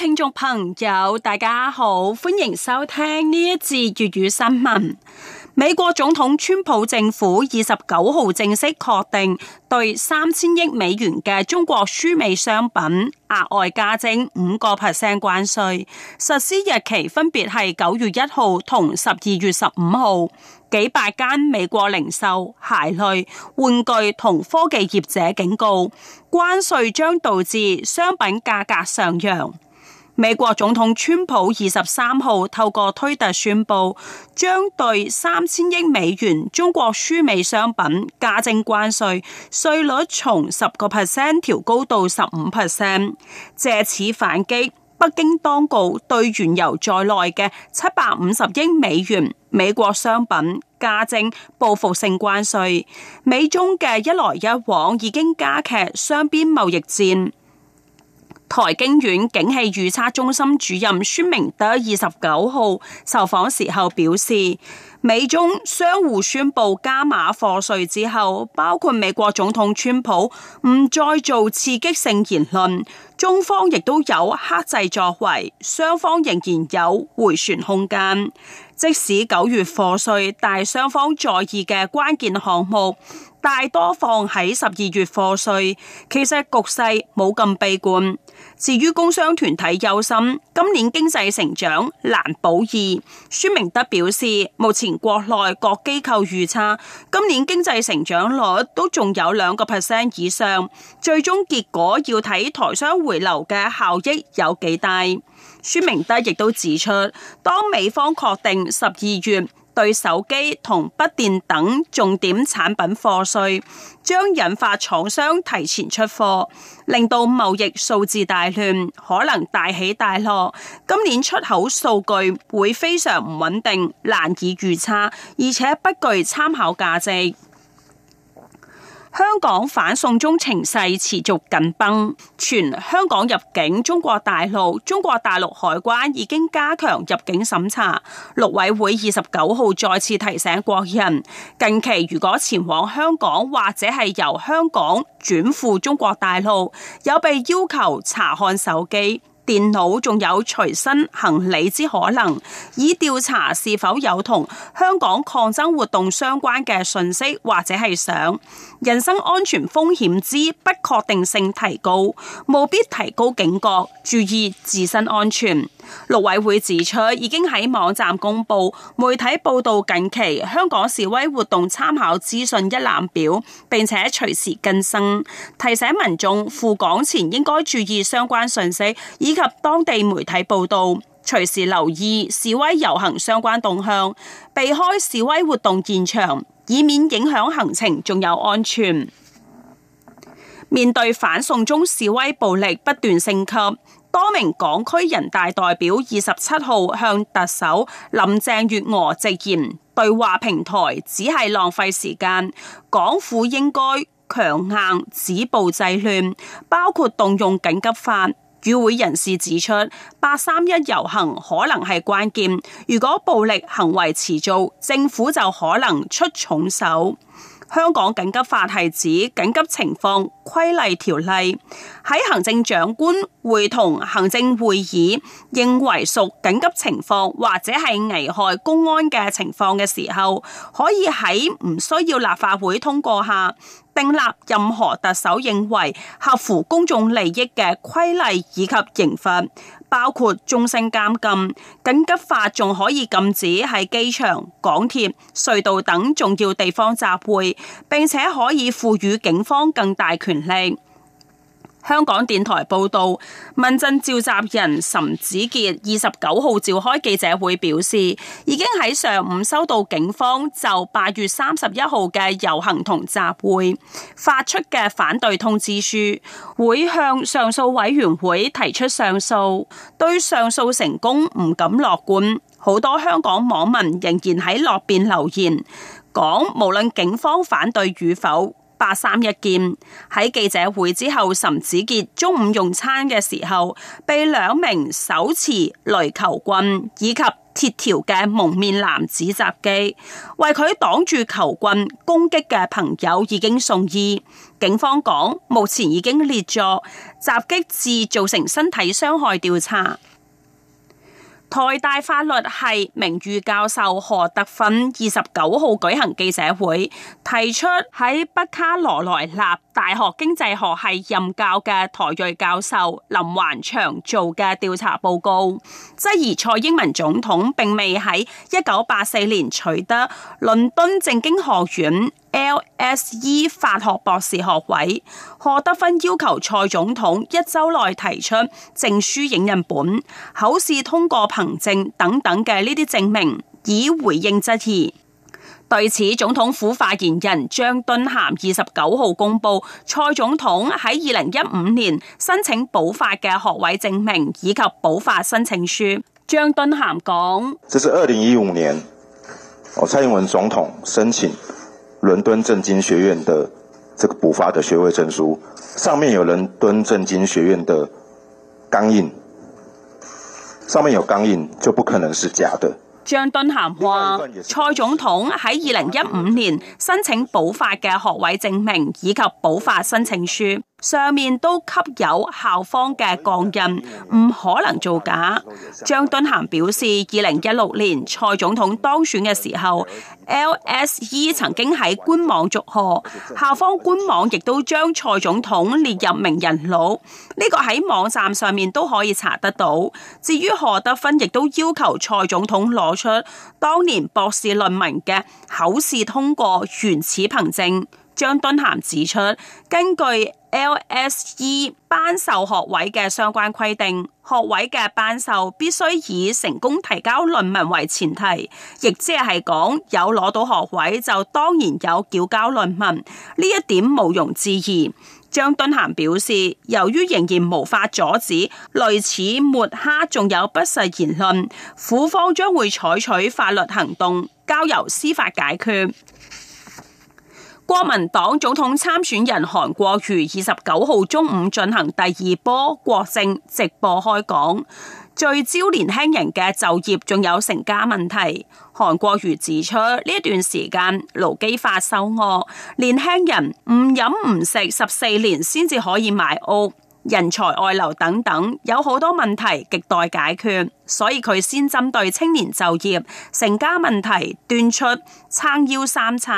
聽眾朋友，大家好，歡迎收聽呢一節粵語新聞。美國總統川普政府二十九號正式確定對三千億美元嘅中國輸美商品額外加徵五個 percent 關稅，實施日期分別係九月一號同十二月十五號。幾百間美國零售、鞋類、玩具同科技業者警告，關稅將導致商品價格上揚。美國總統川普二十三號透過推特宣布，將對三千億美元中國輸美商品加徵關稅，稅率從十個 percent 調高到十五 percent，借此反擊北京當局對原油在內嘅七百五十億美元美國商品加徵報復性關稅。美中嘅一來一往已經加劇雙邊貿易戰。台經院景氣預測中心主任孫明德二十九號受訪時候表示，美中相互宣布加碼課稅之後，包括美國總統川普唔再做刺激性言論，中方亦都有克制作為，雙方仍然有回旋空間。即使九月課稅，但係雙方在意嘅關鍵項目大多放喺十二月課稅，其實局勢冇咁悲觀。至於工商團體憂心今年經濟成長難保二，孫明德表示，目前國內各機構預測今年經濟成長率都仲有兩個 percent 以上，最終結果要睇台商回流嘅效益有幾大。孫明德亦都指出，當美方確定十二月，對手機同筆電等重點產品課稅，將引發廠商提前出貨，令到貿易數字大亂，可能大起大落。今年出口數據會非常唔穩定，難以預測，而且不具參考價值。香港反送中情勢持續緊繃，全香港入境中國大陸，中國大陸海關已經加強入境審查。陸委會二十九號再次提醒國人，近期如果前往香港或者係由香港轉赴中國大陸，有被要求查看手機。電腦仲有隨身行李之可能，以調查是否有同香港抗爭活動相關嘅信息或者係想，人身安全風險之不確定性提高，務必提高警覺，注意自身安全。陸委會指出，已經喺網站公布媒體報道近期香港示威活動參考資訊一覽表，並且隨時更新，提醒民眾赴港前應該注意相關信息以。及當地媒體報道，隨時留意示威遊行相關動向，避開示威活動現場，以免影響行程，仲有安全。面對反送中示威暴力不斷升級，多名港區人大代表二十七號向特首林鄭月娥直言，對話平台只係浪費時間，港府應該強硬止暴制亂，包括動用緊急法。與會人士指出，八三一遊行可能係關鍵，如果暴力行為持續，政府就可能出重手。香港緊急法係指緊急情況規例條例，喺行政長官會同行政會議認為屬緊急情況或者係危害公安嘅情況嘅時候，可以喺唔需要立法會通過下訂立任何特首認為合乎公眾利益嘅規例以及刑罰。包括終身監禁，緊急法仲可以禁止喺機場、港鐵、隧道等重要地方集會，並且可以賦予警方更大權力。香港電台報道，民陣召集人岑子傑二十九號召開記者會，表示已經喺上午收到警方就八月三十一號嘅遊行同集會發出嘅反對通知書，會向上訴委員會提出上訴。對上訴成功唔敢樂觀，好多香港網民仍然喺落邊留言，講無論警方反對與否。八三一件喺記者會之後，岑子傑中午用餐嘅時候，被兩名手持壘球棍以及鐵條嘅蒙面男子襲擊，為佢擋住球棍攻擊嘅朋友已經送醫。警方講，目前已經列作襲擊致造成身體傷害調查。台大法律系名譽教授何德芬二十九號舉行記者會，提出喺北卡羅來納大學經濟學系任教嘅台裔教授林環祥做嘅調查報告，質疑蔡英文總統並未喺一九八四年取得倫敦政經學院 LSE 法學博士學位，賀德芬要求蔡總統一周內提出證書影印本、考試通過憑證等等嘅呢啲證明，以回應質疑。對此，總統府發言人張敦涵二十九號公布蔡總統喺二零一五年申請補發嘅學位證明以及補發申請書。張敦涵講：這是二零一五年，我蔡英文總統申請。倫敦政經學院的這個補發的學位證書，上面有倫敦政經學院的鋼印，上面有鋼印就不可能是假的。張敦涵話，蔡總統喺二零一五年申請補發嘅學位證明以及補發申請書。上面都吸有校方嘅鋼印，唔可能造假。張敦賢表示，二零一六年蔡總統當選嘅時候，LSE 曾經喺官網祝賀，校方官網亦都將蔡總統列入名人錄，呢、這個喺網站上面都可以查得到。至於何德芬亦都要求蔡總統攞出當年博士論文嘅口試通過原始憑證。張敦賢指出，根據，LSE 頒授學位嘅相關規定，學位嘅頒授必須以成功提交論文為前提，亦即係講，有攞到學位就當然有繳交論文，呢一點毋庸置疑。張惇涵表示，由於仍然無法阻止類似抹黑，仲有不實言論，府方將會採取法律行動，交由司法解決。國民黨總統參選人韓國瑜二十九號中午進行第二波國政直播開講，聚焦年輕人嘅就業仲有成家問題。韓國瑜指出，呢段時間勞基法修惡，年輕人唔飲唔食十四年先至可以買屋。人才外流等等有好多問題亟待解決，所以佢先針對青年就業成家問題端出撐腰三策，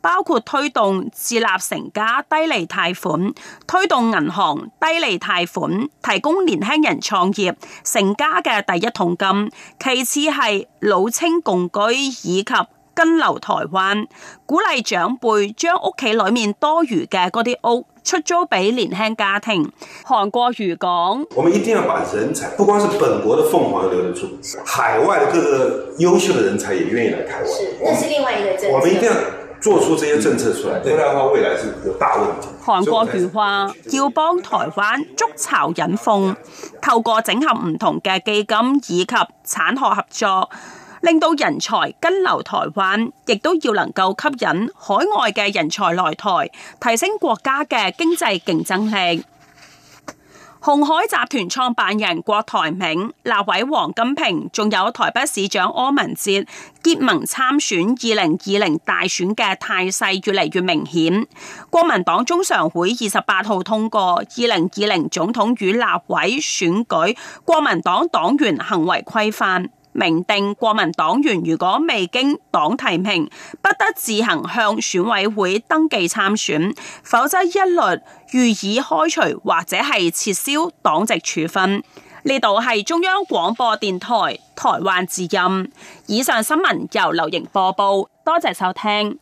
包括推動自立成家低利貸款，推動銀行低利貸款提供年輕人創業成家嘅第一桶金。其次係老青共居以及根留台灣，鼓勵長輩將屋企裏面多餘嘅嗰啲屋。出租俾年輕家庭。韓國瑜講，我們一定要把人才，不光是本國的鳳凰留得住，海外各個優秀的人才也願意來台灣。我們，是，那是另外一個政策，我們一定要做出這些政策出來，不然嘅話，未來是有大問題。韓國瑜話要幫台灣築巢引鳳，透過整合唔同嘅基金以及產學合作。令到人才根留台灣，亦都要能夠吸引海外嘅人才來台，提升國家嘅經濟競爭力。鴻海集團創辦人郭台銘、立委王金平，仲有台北市長柯文哲結盟參選二零二零大選嘅態勢越嚟越明顯，國民黨中常會二十八號通過二零二零總統與立委選舉國民黨黨員行為規範。明定國民黨員如果未經黨提名，不得自行向選委會登記參選，否則一律予以開除或者係撤銷黨籍處分。呢度係中央廣播電台台灣之音。以上新聞由劉瑩播報，多謝收聽。